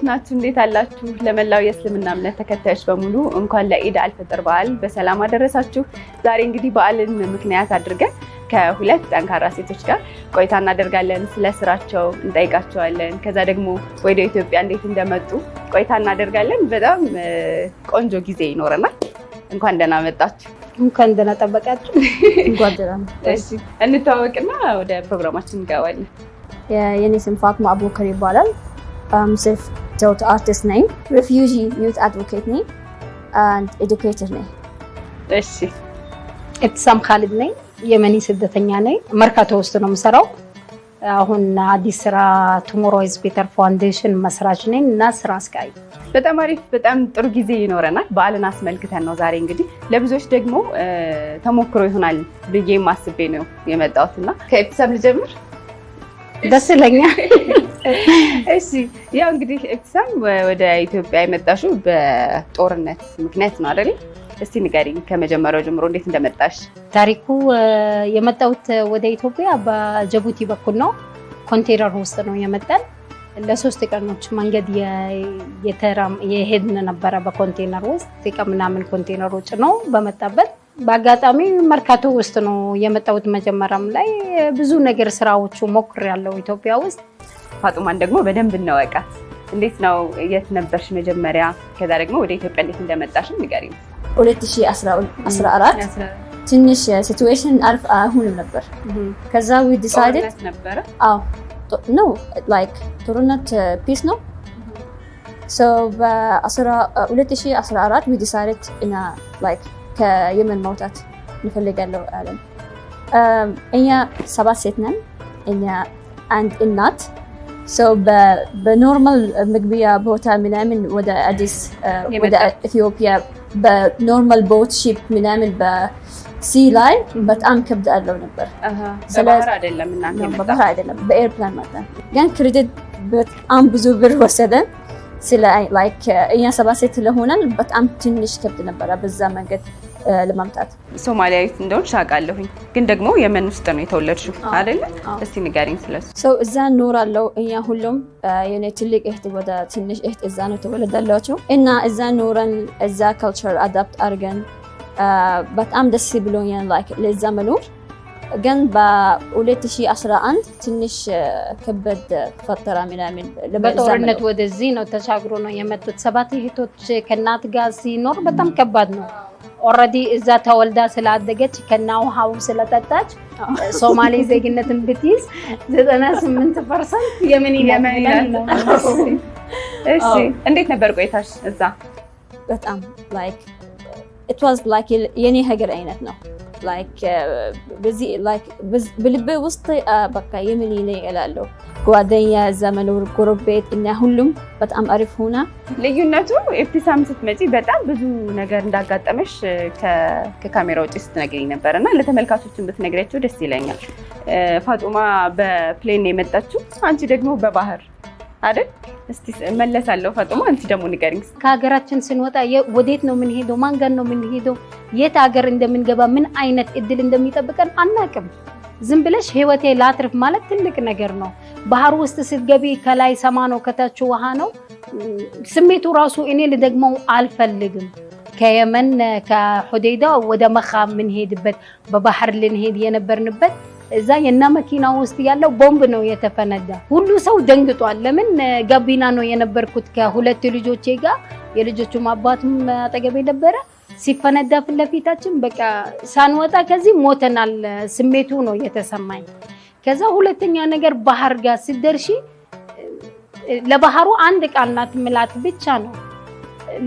እንዴት ናችሁ? እንዴት አላችሁ? ለመላው የእስልምና እምነት ተከታዮች በሙሉ እንኳን ለኢድ አልፈጥር በዓል በሰላም አደረሳችሁ። ዛሬ እንግዲህ በዓልን ምክንያት አድርገን ከሁለት ጠንካራ ሴቶች ጋር ቆይታ እናደርጋለን። ስለ ስራቸው እንጠይቃቸዋለን። ከዛ ደግሞ ወደ ኢትዮጵያ እንዴት እንደመጡ ቆይታ እናደርጋለን። በጣም ቆንጆ ጊዜ ይኖረናል። እንኳን ደህና መጣችሁ። እንኳን ደህና ጠበቃችሁ። እንኳን ደህና እንተዋወቅና ወደ ፕሮግራማችን እንገባለን። የኔ ስም ፋትማ አቡከር ይባላል። self-taught አርቲስት ነኝ። refugee ዩት አድቮኬት ነኝ አንድ ኤዱኬተር ነኝ። እሺ ኢብትሳም ካሊድ ነኝ። የመኒ ስደተኛ ነኝ። መርካቶ ውስጥ ነው የምሰራው። አሁን አዲስ ስራ ቱሞሮይዝ ቤተር ፋውንዴሽን መስራች ነኝ እና ስራ አስኪያጅ። በጣም አሪፍ፣ በጣም ጥሩ ጊዜ ይኖረናል። በዓልን አስመልክተን ነው ዛሬ እንግዲህ ለብዙዎች ደግሞ ተሞክሮ ይሆናል ብዬ ማስቤ ነው የመጣሁት እና ከኢብትሳም ልጀምር። ደስ ይለኛል። እሺ ያው እንግዲህ እብትሳም ወደ ኢትዮጵያ የመጣሽው በጦርነት ምክንያት ነው አይደል? እስቲ ንገሪኝ ከመጀመሪያው ጀምሮ እንዴት እንደመጣሽ ታሪኩ። የመጣሁት ወደ ኢትዮጵያ በጅቡቲ በኩል ነው። ኮንቴነር ውስጥ ነው የመጣን። ለሶስት ቀኖች መንገድ የሄድን ነበረ። በኮንቴነር ውስጥ ቃ ምናምን ኮንቴነር ነው በመጣበት በአጋጣሚ መርካቶ ውስጥ ነው የመጣሁት። መጀመሪያም ላይ ብዙ ነገር ስራዎቹ ሞክር ያለው ኢትዮጵያ ውስጥ። ፋጡማን ደግሞ በደንብ እናወቃት። እንዴት ነው የት ነበርሽ መጀመሪያ? ከዛ ደግሞ ወደ ኢትዮጵያ እንዴት እንደመጣሽም ንገሪኝ። 2014 ትንሽ ሲትዌሽን አርፍ አይሆንም ነበር። ከዛ ዊ ዲሳይድድ ነው ላይክ ጦርነት ፒስ ነው በ2014 ዊ ዲሳይድድ ከየመን መውጣት እንፈልጋለው አለን። እኛ ሰባት ሴት ነን። እኛ አንድ እናት በኖርማል መግቢያ ቦታ ምናምን ወደ አዲስ ወደ ኢትዮጵያ በኖርማል ቦት ሺፕ ምናምን በሲ ላይ በጣም ከብድ አለው ነበር። በባህር አይደለም በኤርፕላን ማለት ነው። ግን ክሬዲት በጣም ብዙ ብር ወሰደን። ስለ ላይክ እኛ ሰባት ሴት ስለሆነን በጣም ትንሽ ከብድ ነበረ በዛ መንገድ ለማምጣት ሶማሊያዊት እንደሆንሽ አውቃለሁኝ፣ ግን ደግሞ የመን ውስጥ ነው የተወለድሽው አይደለ? እስቲ ንገሪኝ ስለሱ። ሰው እዛ ኖራለሁ እኛ ሁሉም የኔ ትልቅ እህት ወደ ትንሽ እህት እዛ ነው ተወለዳላቸው እና እዛ ኖረን እዛ ካልቸር አዳፕት አድርገን በጣም ደስ ብሎኛል ለዛ መኖር። ግን በ2011 ትንሽ ከበድ ፈጠራ ምናምን በጦርነት ወደዚህ ነው ተሻግሮ ነው የመጡት። ሰባት እህቶች ከእናት ጋር ሲኖር በጣም ከባድ ነው። ኦልሬዲ እዛ ተወልዳ ስላደገች ከናውሃው ስለጠጣች ሶማሌ ዜግነትን ብትይዝ ዘጠና ስምንት ፐርሰንት የምን እሺ እንዴት ነበር ቆይታሽ እዛ በጣም ላይክ ኢት ዋዝ ላይክ የኔ ሀገር አይነት ነው። ላይክ uh, በልቤ ውስጥ uh, በቃ የምን ይኔ እላለሁ። ጓደኛ፣ ዘመን፣ ጎረቤት እና ሁሉም በጣም አሪፍ ሆና ልዩነቱ ኤፕቲሳም ስትመጪ በጣም ብዙ ነገር እንዳጋጠመሽ ከካሜራ ውጭ ስትነግሪኝ ነበር እና ለተመልካቾችን ብትነግሪያቸው ደስ ይለኛል። uh, ፋጡማ በፕሌን የመጣችው አንቺ ደግሞ በባህር አይደል? እስቲ መለሳለሁ። ፈጥሞ አንቺ ደግሞ ንገሪኝ። ከሀገራችን ስንወጣ ወዴት ነው የምንሄደው? ማን ጋር ነው የምንሄደው? የት ሀገር እንደምንገባ ምን አይነት እድል እንደሚጠብቀን አናቅም። ዝም ብለሽ ህይወቴ ላትርፍ ማለት ትልቅ ነገር ነው። ባህር ውስጥ ስትገቢ ከላይ ሰማ ነው፣ ከታች ውሃ ነው። ስሜቱ ራሱ እኔ ልደግመው አልፈልግም። ከየመን ከሁዴዳ ወደ መካ የምንሄድበት በባህር ልንሄድ የነበርንበት እዛ የና መኪና ውስጥ ያለው ቦምብ ነው የተፈነዳ። ሁሉ ሰው ደንግጧል። ለምን ጋቢና ነው የነበርኩት ከሁለት ልጆቼ ጋር የልጆቹም አባትም አጠገቤ ነበረ። ሲፈነዳ ፊት ለፊታችን በቃ ሳንወጣ ከዚህ ሞተናል ስሜቱ ነው የተሰማኝ። ከዛ ሁለተኛ ነገር ባህር ጋር ስደርሺ ለባህሩ አንድ ቃል ናት ምላት ብቻ ነው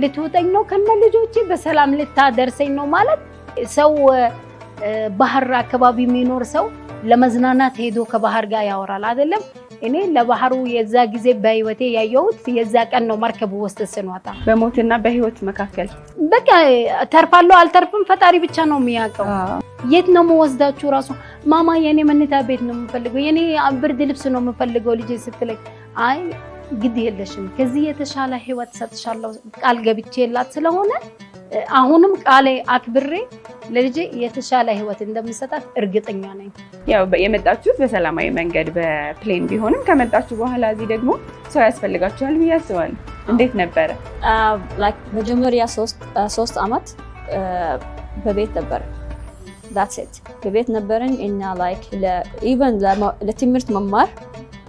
ልትውጠኝ ነው ከነ ልጆቼ በሰላም ልታደርሰኝ ነው ማለት ሰው ባህር አካባቢ የሚኖር ሰው ለመዝናናት ሄዶ ከባህር ጋር ያወራል አይደለም። እኔ ለባህሩ የዛ ጊዜ በህይወቴ ያየሁት የዛ ቀን ነው። መርከቡ ውስጥ ስንወጣ በሞትና በህይወት መካከል በቃ ተርፋለሁ አልተርፍም ፈጣሪ ብቻ ነው የሚያውቀው። የት ነው መወስዳችሁ? ራሱ ማማ የኔ መኝታ ቤት ነው የምፈልገው፣ የኔ ብርድ ልብስ ነው የምፈልገው ልጅ ስትለኝ አይ ግድ የለሽም ከዚህ የተሻለ ህይወት ሰጥሻለሁ ቃል ገብቼ የላት ስለሆነ አሁንም ቃሌ አክብሬ ለልጄ የተሻለ ህይወት እንደምሰጣት እርግጠኛ ነኝ። ያው የመጣችሁት በሰላማዊ መንገድ በፕሌን ቢሆንም ከመጣችሁ በኋላ እዚህ ደግሞ ሰው ያስፈልጋችኋል ብዬ አስባለሁ። እንዴት ነበረ? Uh, መጀመሪያ ሶስት uh, አመት uh, በቤት ነበር ት በቤት ነበርን እና ኢቨን ለትምህርት መማር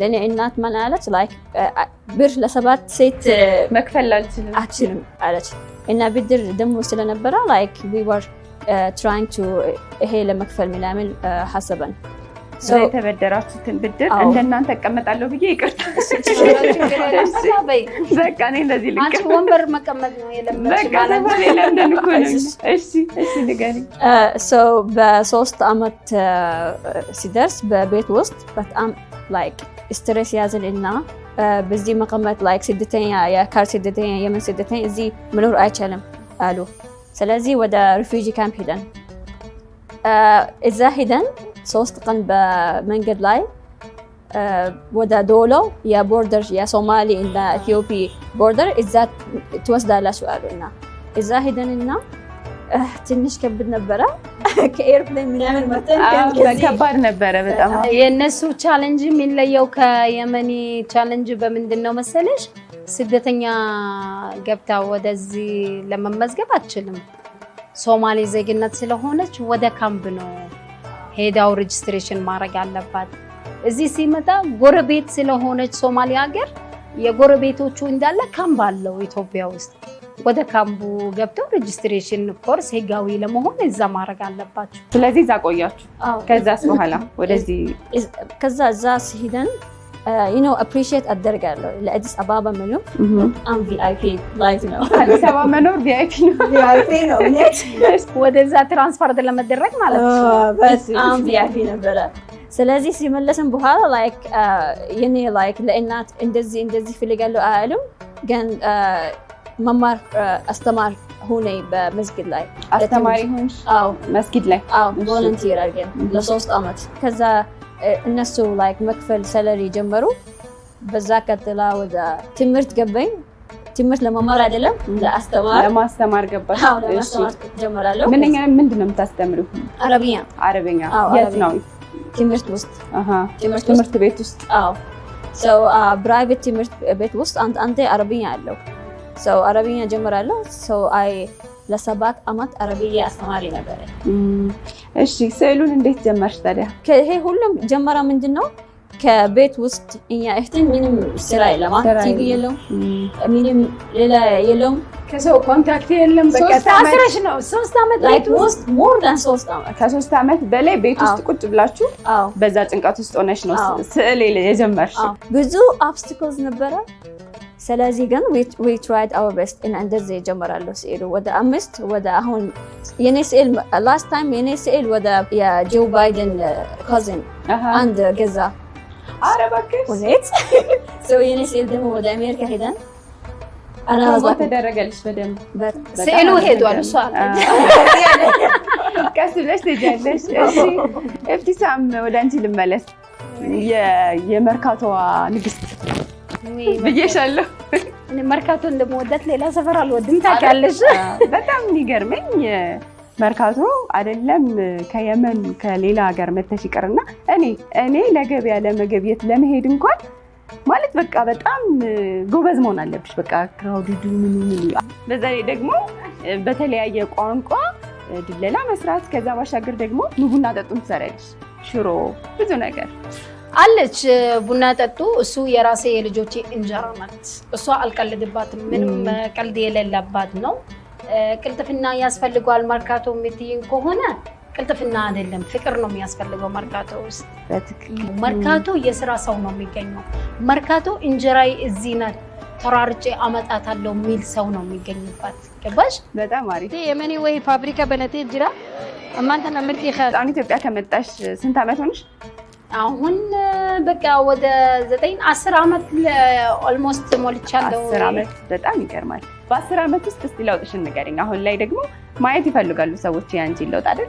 ለእኔ እናት ምን አለች ላይክ uh, ብር ለሰባት ሴት uh, መክፈል አልችልም አችልም አለች እና ብድር ደግሞ ስለነበረ ላይክ ዊ ወር ትራይንግ ቱ ይሄ ለመክፈል ምናምን ሀሰበን uh, የተበደራችሁትን ብድር እንደናንተ እቀመጣለሁ ብዬ ይቅርታ፣ በቃ እኔ እንደዚህ ልቀ ወንበር መቀመጥ ነው የለመደን እኮ እሺ እሺ፣ ንገሪኝ። በሶስት አመት ሲደርስ በቤት ውስጥ በጣም ላይክ ስትሬስ ያዝን እና በዚህ መቀመጥ ላይ ስደተኛ የአካል ስደተኛ የምን ስደተኛ እዚህ መኖር አይቻልም አሉ። ስለዚህ ወደ ሪፊጂ ካምፕ ሂደን እዛ ሂደን ሶስት ቀን በመንገድ ላይ ወደ ዶሎ የቦርደር የሶማሌ እና ኢትዮጵ ቦርደር እዛ ትወስዳላችሁ አሉ እና እዛ ሂደንና ትንሽ ከብድ ነበረ። ከኤርፕሌን ምናምን ከባድ ነበረ በጣም። የእነሱ ቻለንጅ የሚለየው ከየመኒ ቻለንጅ በምንድን ነው መሰለሽ? ስደተኛ ገብታ ወደዚህ ለመመዝገብ አትችልም። ሶማሌ ዜግነት ስለሆነች ወደ ካምፕ ነው ሄዳው ሬጅስትሬሽን ማድረግ አለባት። እዚህ ሲመጣ ጎረቤት ስለሆነች ሶማሌ ሀገር የጎረቤቶቹ እንዳለ ካምፕ አለው ኢትዮጵያ ውስጥ ወደ ካምቡ ገብተው ሬጅስትሬሽን ኮርስ ህጋዊ ለመሆን እዛ ማድረግ አለባቸው። ስለዚህ እዛ ቆያችሁ፣ ከዛስ በኋላ ወደዚህ ከዛ እዛ ሲሄደን ዩ አፕሪሺየት አደርጋለሁ ለአዲስ አበባ መኖር አዲስ አበባ መኖር ቪአይፒ ነው። ወደዛ ትራንስፈር ለመደረግ ማለት ነው። ቪአይፒ ነበረ። ስለዚህ ሲመለስን በኋላ ላይክ የኔ ላይክ ለእናት እንደዚህ እንደዚህ ፈልጋለሁ አያልም ግን መማር አስተማር ሆነ በመስጊድ ላይ አስተማሪ ሆንሽ? መስጊድ ላይ አዎ። ቮለንቲር አድርገን ለሶስት አመት። ከዛ እነሱ ላይክ መክፈል ሰለሪ ጀመሩ። በዛ ቀጥላ ወደ ትምህርት ገባኝ። ትምህርት ለመማር አይደለም ለአስተማር ለማስተማር ገባሽ? ምንኛ ምንድን ነው የምታስተምሪው? አረብኛ። አረብኛ የት ነው? ትምህርት ውስጥ ትምህርት ቤት ውስጥ። አዎ፣ ፕራይቬት ትምህርት ቤት ውስጥ አንተ አረብኛ አለው ሰው አረብኛ ጀምራለሁ። ሰው አይ ለሰባት አመት አረብኛ አስተማሪ ነበረ። እሺ ስዕሉን እንዴት ጀመርሽ ታዲያ? ይሄ ሁሉም ጀመራ ምንድን ነው ከቤት ውስጥ እኛ እህትን ምንም ስራ የለም፣ ቲቪ የለም፣ ምንም ሌላ የለም፣ ከሰው ኮንታክት የለም። በአስረሽ ነው ሶስት አመት ቤት ውስጥ ሞር ዳን ሶስት አመት ከሶስት አመት በላይ ቤት ውስጥ ቁጭ ብላችሁ በዛ ጭንቀት ውስጥ ሆነሽ ነው ስዕል የጀመርሽ። ብዙ አብስቲክልስ ነበረ ስለዚህ ግን ዊ ትራይድ አወር ቤስት እና እንደዚህ ይጀምራለሁ ስዕሉ ወደ አምስት ወደ አሁን የኔ ስዕል ላስት ታይም የኔ ስዕል ወደ የጆ ባይደን ኮዝን አንድ ገዛ ሁኔት የኔ ስዕል ደግሞ ወደ አሜሪካ ሄደን ተደረገልሽ ወደ አንቺ ልመለስ። የመርካቶዋ ንግስት ብዬሻለሁ። መርካቶ እንደምወዳት ሌላ ሰፈር አልወድም ታውቂያለሽ። በጣም የሚገርመኝ መርካቶ አይደለም ከየመን ከሌላ ሀገር መተሽ ይቅርና እኔ እኔ ለገበያ ለመገብየት ለመሄድ እንኳን ማለት በቃ በጣም ጎበዝ መሆን አለብሽ። በቃ ክራውድዱ ምኑ ምኑ፣ በዛ ላይ ደግሞ በተለያየ ቋንቋ ድለላ መስራት፣ ከዛ ባሻገር ደግሞ ምግቡና ጠጡን ትሰሪያለሽ፣ ሽሮ ብዙ ነገር አለች ቡና ጠጡ። እሱ የራሴ የልጆቼ እንጀራ ናት። እሷ አልቀልድባት ምንም ቀልድ የሌለባት ነው። ቅልጥፍና ያስፈልገዋል መርካቶ የምትይኝ ከሆነ ቅልጥፍና አይደለም ፍቅር ነው የሚያስፈልገው። መርካቶ ውስጥ መርካቶ የስራ ሰው ነው የሚገኘው። መርካቶ እንጀራዬ እዚህ ናት ተራርጬ አመጣታለሁ የሚል ሰው ነው የሚገኝባት። ገባሽ? በጣም አሪፍ የመኔ ወይ ፋብሪካ በነቴ ጅራ አማንተና ምርት ኢትዮጵያ ከመጣሽ ስንት ዓመት ሆነሽ? አሁን በቃ ወደ ዘጠኝ አስር ዓመት ኦልሞስት ሞልቻለሁ። አስር ዓመት በጣም ይገርማል። በአስር ዓመት ውስጥ እስቲ ለውጥሽን ንገሪኝ። አሁን ላይ ደግሞ ማየት ይፈልጋሉ ሰዎች ያንቺን ለውጥ አይደል?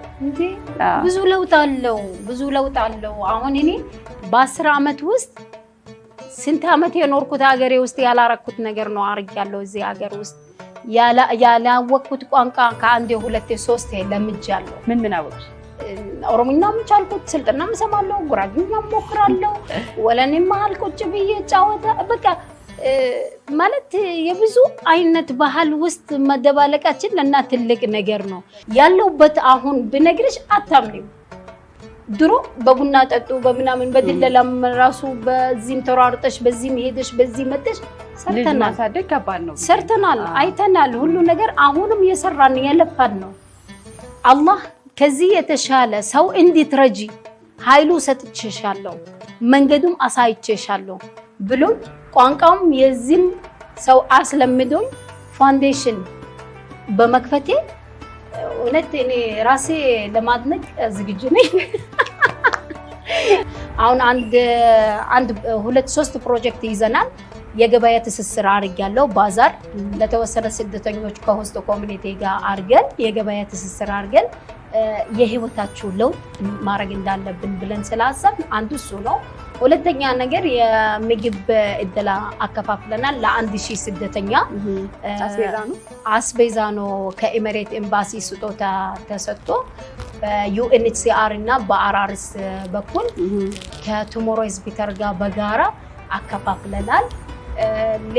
ብዙ ለውጥ አለው፣ ብዙ ለውጥ አለው። አሁን እኔ በአስር ዓመት ውስጥ ስንት ዓመት የኖርኩት ሀገሬ ውስጥ ያላረኩት ነገር ነው አድርጌያለሁ። እዚህ ሀገር ውስጥ ያላወቅኩት ቋንቋ ከአንዴ ሁለቴ ሶስቴ ለምጃለሁ። ምን ምን አወቅሽ? ኦሮምኛም ቻልኩት፣ ስልጥናም እሰማለሁ፣ ጉራግኛም ሞክራለሁ። ወለኔ መሀል ቁጭ ብዬ ጫወታ በቃ ማለት የብዙ አይነት ባህል ውስጥ መደባለቃችን ለና ትልቅ ነገር ነው ያለውበት። አሁን ብነግርሽ አታምሪም። ድሮ በቡና ጠጡ በምናምን በድለላም ራሱ በዚህም ተሯርጠሽ በዚህም ሄደሽ በዚህ መጠሽ ሰርተናል፣ ሰርተናል፣ አይተናል ሁሉ ነገር። አሁንም የሰራን የለፋን ነው አላህ ከዚህ የተሻለ ሰው እንድትረጂ ኃይሉ ሰጥቼሻለሁ፣ መንገዱም አሳይቼሻለሁ ብሎ ቋንቋውም የዚህም ሰው አስለምዶኝ ፋውንዴሽን በመክፈቴ እውነት እኔ ራሴ ለማድነቅ ዝግጁ ነኝ። አሁን አንድ ሁለት ሶስት ፕሮጀክት ይዘናል። የገበያ ትስስር አድርጊያለሁ። ባዛር ለተወሰነ ስደተኞች ከሆስቶ ኮሚኒቲ ጋር አድርገን የገበያ ትስስር አድርገን የህይወታችሁ ለውጥ ማድረግ እንዳለብን ብለን ስላሰብ አንዱ እሱ ነው። ሁለተኛ ነገር የምግብ እደላ አከፋፍለናል። ለአንድ ሺህ ስደተኛ አስቤዛ ነው ከኤሜሬት ኤምባሲ ስጦታ ተሰጥቶ በዩኤንኤችሲአር እና በአራርስ በኩል ከቱሞሮ ሆስፒታል ጋር በጋራ አከፋፍለናል።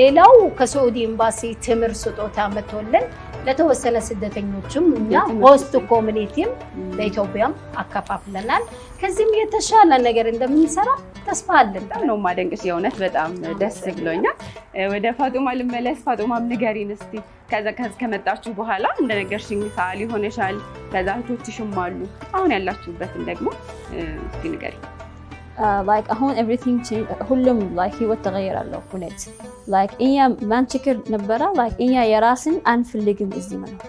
ሌላው ከሳዑዲ ኤምባሲ ትምህርት ስጦታ መቶልን ለተወሰነ ስደተኞችም እኛ ሆስት ኮሚኒቲም ለኢትዮጵያም አከፋፍለናል። ከዚህም የተሻለ ነገር እንደምንሰራ ተስፋ አለን። በጣም ነው የማደንቅሽ። የእውነት በጣም ደስ ብሎኛል። ወደ ፋጡማ ልመለስ። ፋጡማም ንገሪን እስቲ ከመጣችሁ በኋላ እንደነገርሽኝ ሰዓሊ ሆነሻል። ከዛ እህቶችሽም አሉ። አሁን ያላችሁበትን ደግሞ እስቲ ንገሪን። ላይክ uh, አሁን ሁሉም ላይክ ህይወት ተቀየር አለው ሁኔት ላይክ እኛ ማንችክር ነበረ ላይክ እኛ የራስን አንፈልግም እዚህ መኖር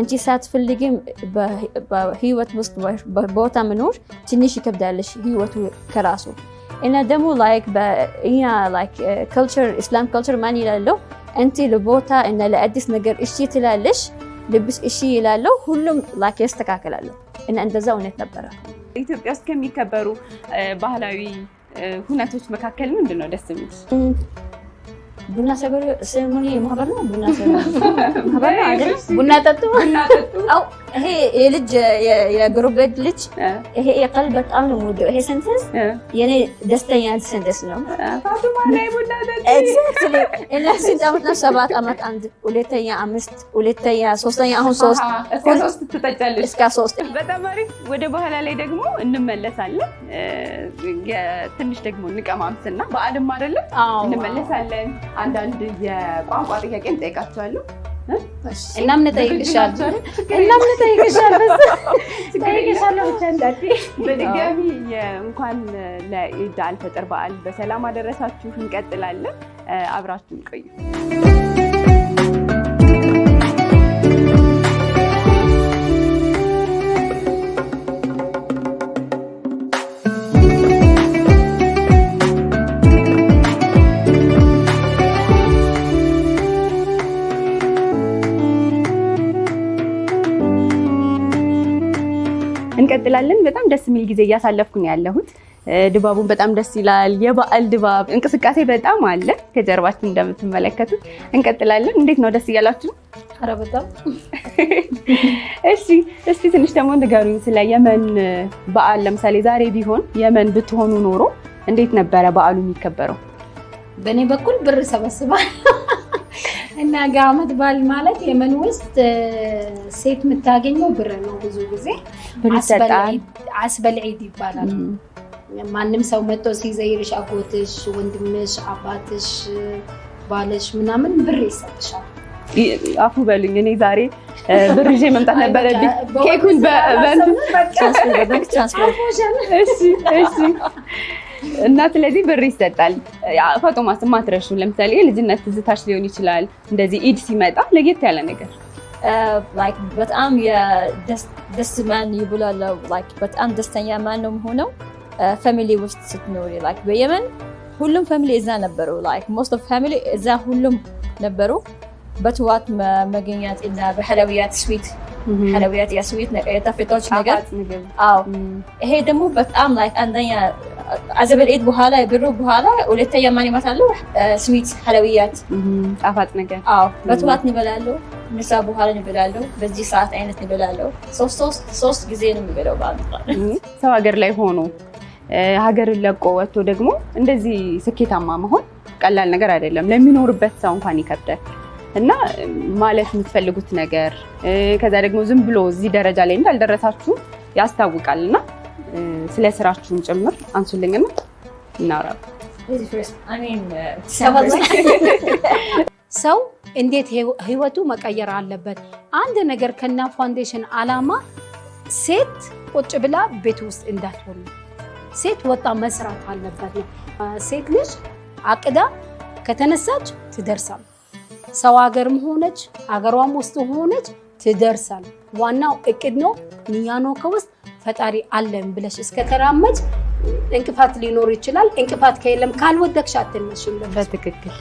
አንቺ ሳትፈልግም በህይወት ውስጥ ቦታ መኖር ትንሽ ይከብዳለሽ ህይወቱ ከራሱ እና ደግሞ ላይክ በእኛ ላይክ ካልቸር ኢስላም ካልቸር ማን ይላለው እንቲ ለቦታ እና ለአዲስ ነገር እሺ ትላለሽ ልብስ እሺ ይላለው ሁሉም ላይክ ያስተካክላለሁ እና እንደዛ እውነት ነበረ ኢትዮጵያ ውስጥ ከሚከበሩ ባህላዊ ሁነቶች መካከል ምንድን ነው ደስ የሚል? ቡና ሰበር ማህበር ነው። ቡና ሰበር ማህበር ነው። ቡና ጠጡ ይሄ የልጅ የግሩቤድ ልጅ ይሄ የቀል በጣም ነው የምወደው። ይሄ ስንትስ የኔ ደስተኛ ስንትስ ነው እና ስንት ዓመት ነው? ሰባት ዓመት አንድ፣ ሁለተኛ አምስት፣ ሁለተኛ ሶስተኛ፣ አሁን ሶስት እስከ ሶስት። በጣም አሪፍ። ወደ በኋላ ላይ ደግሞ እንመለሳለን። ትንሽ ደግሞ እንቀማምስና በአድማ አይደለም እንመለሳለን። አንዳንድ የቋንቋ ጥያቄ እንጠይቃቸዋለሁ። እናም እንጠይቅሻለን እናም እንጠይቅሻለን እንጠይቅሻለን ብቻ በድጋሚ እንኳን ለኢድ አልፈጥር በዓል በሰላም አደረሳችሁ። እንቀጥላለን። አብራችሁን ቆዩ። እንቀጥላለን። በጣም ደስ የሚል ጊዜ እያሳለፍኩ ነው ያለሁት። ድባቡን በጣም ደስ ይላል። የበዓል ድባብ እንቅስቃሴ በጣም አለ። ከጀርባችን እንደምትመለከቱት እንቀጥላለን። እንዴት ነው? ደስ እያላችሁ? ኧረ በጣም እሺ። እስቲ ትንሽ ደግሞ ንገሩኝ ስለ የመን በዓል። ለምሳሌ ዛሬ ቢሆን የመን ብትሆኑ ኖሮ እንዴት ነበረ በዓሉ የሚከበረው? በእኔ በኩል ብር ሰበስባል እና ከዓመት በዓል ማለት የመን ውስጥ ሴት የምታገኘው ብር ነው። ብዙ ጊዜ አስበል ይባላል። ማንም ሰው መጥቶ ሲዘይርሽ አጎትሽ፣ ወንድምሽ፣ አባትሽ፣ ባልሽ ምናምን ብር ይሰጥሻል። አፉ በሉኝ እኔ ዛሬ ብር ይዤ መምጣት ነበረብኝ። ኬኩን በእንትን እና ስለዚህ ብር ይሰጣል። ፋጦማስ ማትረሹ ለምሳሌ የልጅነት ትዝታሽ ሊሆን ይችላል። እንደዚህ ኢድ ሲመጣ ለየት ያለ ነገር uh, በጣም ደስ ማን ይብላለው በጣም ደስተኛ ማን ነው የሆነው ፋሚሊ uh, ውስጥ ስትኖሪ በየመን ሁሉም ፋሚሊ እዛ ነበሩ። ሞስት ኦፍ ፋሚሊ እዛ ሁሉም ነበሩ። በትዋት መገኛት እና በሐለውያት ስዊት ሐለውያት ያስዊት ስዊት የታፌታዎች ነገር ይሄ ደግሞ በጣም አንደኛ አዘበልኤት በኋላ ብሩ በኋላ ሁለተኛ ማን ይመጣሉ? ስዊት ሀለውያት ጣፋጭ ነገር። አዎ በትዋት እንበላለሁ፣ ምሳ በኋላ እንበላለሁ፣ በዚህ ሰዓት አይነት እንበላለሁ። ሶስት ጊዜ ነው የሚበለው። ማለት ሰው ሀገር ላይ ሆኖ ሀገርን ለቆ ወጥቶ ደግሞ እንደዚህ ስኬታማ መሆን ቀላል ነገር አይደለም። ለሚኖርበት ሰው እንኳን ይከብዳል። እና ማለት የምትፈልጉት ነገር ከዛ ደግሞ ዝም ብሎ እዚህ ደረጃ ላይ እንዳልደረሳችሁ ያስታውቃል እና ስለ ስራችሁን ጭምር አንሱልኝና እናውራለን። uh, ሰው እንዴት ህይወቱ መቀየር አለበት? አንድ ነገር ከና ፋውንዴሽን አላማ ሴት ቁጭ ብላ ቤት ውስጥ እንዳትሆን፣ ሴት ወጣ መስራት አለበት ነው። ሴት ልጅ አቅዳ ከተነሳች ትደርሳል። ሰው ሀገርም ሆነች ሀገሯም ውስጥ ሆነች ትደርሳል። ዋናው እቅድ ነው፣ ንያ ከውስጥ ፈጣሪ አለን ብለሽ እስከተራመጅ እንቅፋት ሊኖር ይችላል። እንቅፋት ከየለም ካልወደቅሽ አትነሽም። በትክክል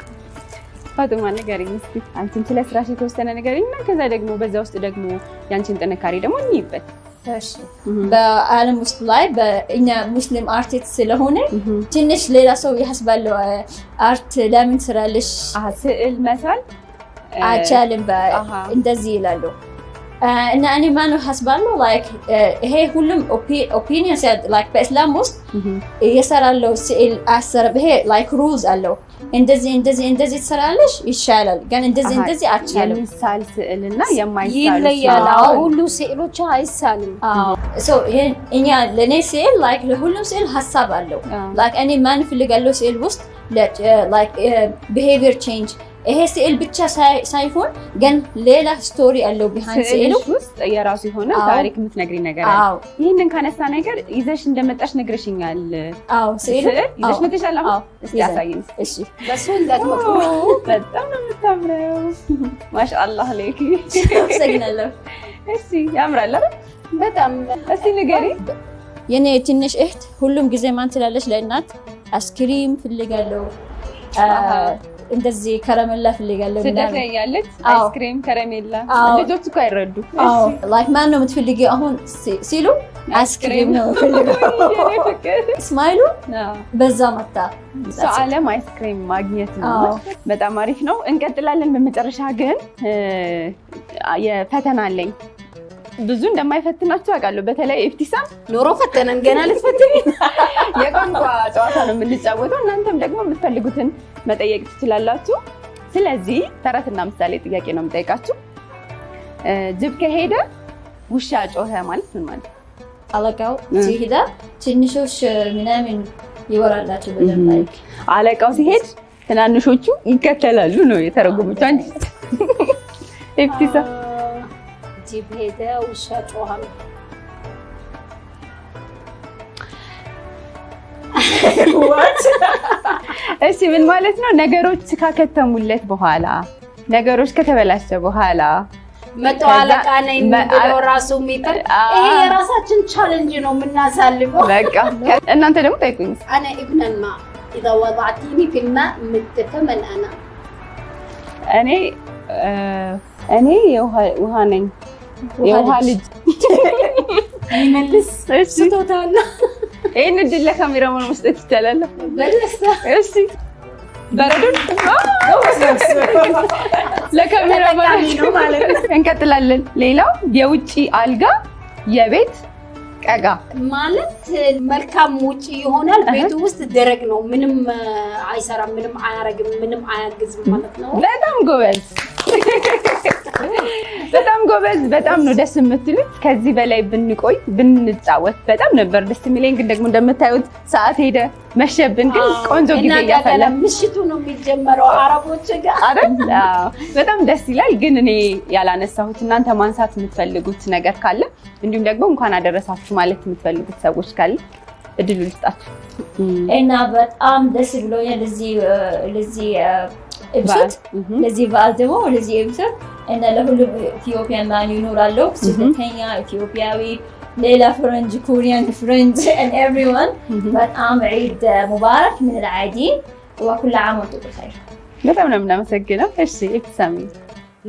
ፋጡማ ንገሪኝ እስኪ አንቺን ስለ ስራሽ የተወሰነ ንገሪኝ እና ከዛ ደግሞ በዛ ውስጥ ደግሞ ያንቺን ጥንካሬ ደግሞ እንይበት። በዓለም ውስጥ ላይ እኛ ሙስሊም አርቲስት ስለሆነ ትንሽ ሌላ ሰው ያስባለው አርት ለምን ስራለሽ ስዕል መሳል አይቻልም እንደዚህ ይላለሁ Uh, እና እኔ ማን ሀስባለሁ ላይክ ይሄ ሁሉም ኦፒኒየን በእስላም ውስጥ የሰራለው ስዕል አሰር ይሄ ላይክ ሩዝ አለው። እንደዚህ እንደዚህ እንደዚህ ትሰራለሽ ይሻላል፣ ግን እንደዚህ እንደዚህ አቻለም የሚሳል ስዕልና ይለያል። ሁሉ ስዕሎች አይሳልም። እኛ ለእኔ ስዕል ላይክ ለሁሉም ስዕል ሀሳብ አለው። እኔ ማን ፍልጋለው ስዕል ውስጥ ላይክ ቢሄቪየር ቼንጅ ይሄ ስዕል ብቻ ሳይሆን ግን ሌላ ስቶሪ አለው። ቢሃይንድ ስዕሉ ውስጥ የራሱ የሆነ ታሪክ የምትነግሪ ነገር አለ። ይህንን ካነሳ ነገር ይዘሽ እንደመጣሽ ነግረሽኛል። ይዘሽ መጥተሻል። አሁን እስቲ እሺ በሱ እንዳትመጡ። በጣም ነው የምታምረው። ማሻአላህ ለኪ ሰግናለሁ። እሺ ያምራል አይደል? በጣም እስቲ ንገሪ። የኔ ትንሽ እህት ሁሉም ጊዜ ማን ትላለች ለእናት አስክሪም ፈልጋለሁ እንደዚህ ከረሜላ ፍልጋለሁ ያለች አይስክሬም ከረሜላ ልጆች እኮ አይረዱ ላይክ ማን ነው የምትፈልጊው አሁን ሲሉ አይስክሬም ነው ፈልገው ስማይሉ በዛ መጣ አለም አይስክሪም ማግኘት ነው በጣም አሪፍ ነው እንቀጥላለን በመጨረሻ ግን የፈተና አለኝ ብዙ እንደማይፈትናቸው አውቃለሁ። በተለይ ኤፍቲሳም ኖሮ ፈተነን ገና ልትፈትን የቋንቋ ጨዋታ ነው የምንጫወተው። እናንተም ደግሞ የምትፈልጉትን መጠየቅ ትችላላችሁ። ስለዚህ ተረትና ምሳሌ ጥያቄ ነው የምጠይቃችሁ። ጅብ ከሄደ ውሻ ጮኸ ማለት ምን ማለት አለቃው ሲሄደ ትንሾች ምናምን ይወራላቸው በጀምላይ አለቃው ሲሄድ ትናንሾቹ ይከተላሉ ነው የተረጎመችው። አንቺ ኤፍቲሳ ጅብ ሄደ፣ ውሻ እሺ ምን ማለት ነው? ነገሮች ካከተሙለት በኋላ ነገሮች ከተበላሸ በኋላ መቶ አለቃ ነኝ ብሎ ራሱ የሚጥር ይሄ የራሳችን ቻለንጅ ነው የምናሳልፈው። በቃ እናንተ ደግሞ ጠይቁኝ። አነ ኢብነልማ ኢዛ ወضዕቲኒ ፊልማ ምድፈ መን አና እኔ እኔ ውሃ ነኝ የውሃ ልጅ ይመልስ ስጦታና ይህን እድል ለካሜራማን መስጠት ይቻላል። እሺ ለካሜራማን እንቀጥላለን። ሌላው የውጭ አልጋ የቤት ቀጋ ማለት መልካም ውጪ ይሆናል። ቤቱ ውስጥ ደረቅ ነው። ምንም አይሰራም፣ ምንም አያረግም፣ ምንም አያግዝም ማለት ነው። በጣም ጎበዝ በጣም ጎበዝ፣ በጣም ነው ደስ የምትሉት። ከዚህ በላይ ብንቆይ ብንጫወት በጣም ነበር ደስ የሚለኝ፣ ግን ደግሞ እንደምታዩት ሰዓት ሄደ፣ መሸብን። ግን ቆንጆ ጊዜ እያፈለ ምሽቱ ነው የሚጀመረው አረቦች ጋር በጣም ደስ ይላል። ግን እኔ ያላነሳሁት እናንተ ማንሳት የምትፈልጉት ነገር ካለ እንዲሁም ደግሞ እንኳን አደረሳችሁ ማለት የምትፈልጉት ሰዎች ካለ እድሉ ልስጣችሁ እና በጣም ደስ ብሎኛል ለዚህ ኤፒሶድ ለዚህ በዓል ደግሞ ለዚህ ኤፒሶድ እና ለሁሉም ኢትዮጵያን ማን ይኖራለው ስደተኛ ኢትዮጵያዊ ሌላ ፍረንጅ ኮሪያን ፍረንጅ ኤንድ ኤቭሪዋን በጣም ዒድ ሙባረክ ምን ልዓዲ ወኩላ ዓም ወንጡቁ ኸይር በጣም ነው የምናመሰግነው። እሺ ኢብሳሚ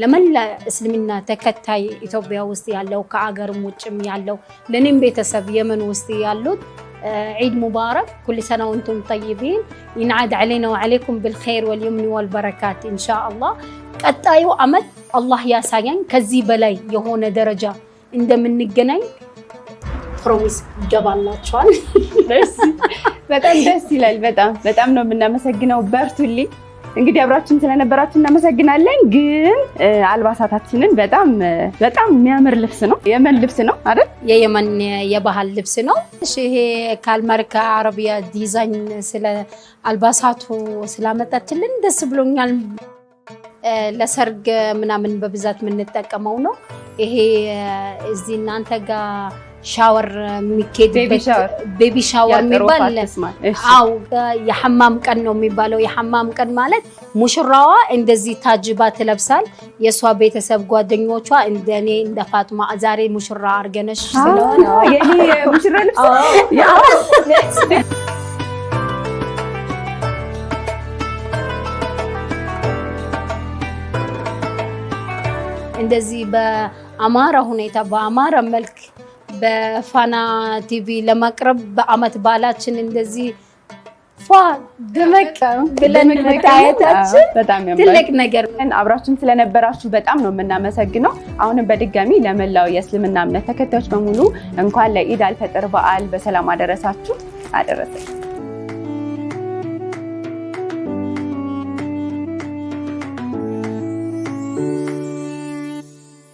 ለመላ እስልምና ተከታይ ኢትዮጵያ ውስጥ ያለው ከአገርም ውጭም ያለው ለእኔም ቤተሰብ የመን ውስጥ ያሉት عيد مبارك كل سنة وانتم طيبين ينعاد علينا وعليكم بالخير واليمن والبركات إن شاء الله ቀጣዩ ዓመት አላህ ያሳያኝ ከዚህ በላይ የሆነ ደረጃ እንደምንገናኝ ፕሮሚስ ይገባላቸዋል። በጣም ደስ ይላል። በጣም በጣም ነው የምናመሰግነው። በርቱልኝ። እንግዲህ አብራችን ስለነበራችን እናመሰግናለን። ግን አልባሳታችንን በጣም በጣም የሚያምር ልብስ ነው። የመን ልብስ ነው አይደል? የየመን የባህል ልብስ ነው። ይሄ ካልመርካ አረቢያ ዲዛይን ስለ አልባሳቱ ስላመጣችልን ደስ ብሎኛል። ለሰርግ ምናምን በብዛት የምንጠቀመው ነው። ይሄ እዚህ እናንተ ጋር ሻወር የሚኬድበት ቤቢ ሻወር የሚባል አው የሐማም ቀን ነው የሚባለው። የሐማም ቀን ማለት ሙሽራዋ እንደዚህ ታጅባ ትለብሳል። የእሷ ቤተሰብ ጓደኞቿ እኔ እንደ ፋጥማ ዛሬ ሙሽራ አርገነሽ ስለሆነ እንደዚህ በአማራ ሁኔታ በአማራ መልክ በፋና ቲቪ ለማቅረብ በአመት በዓላችን እንደዚህ ፏ ድምቅ ብለን መታየታችን ትልቅ ነገር። አብራችን ስለነበራችሁ በጣም ነው የምናመሰግነው። አሁንም በድጋሚ ለመላው የእስልምና እምነት ተከታዮች በሙሉ እንኳን ለኢድ አልፈጥር በዓል በሰላም አደረሳችሁ አደረሰ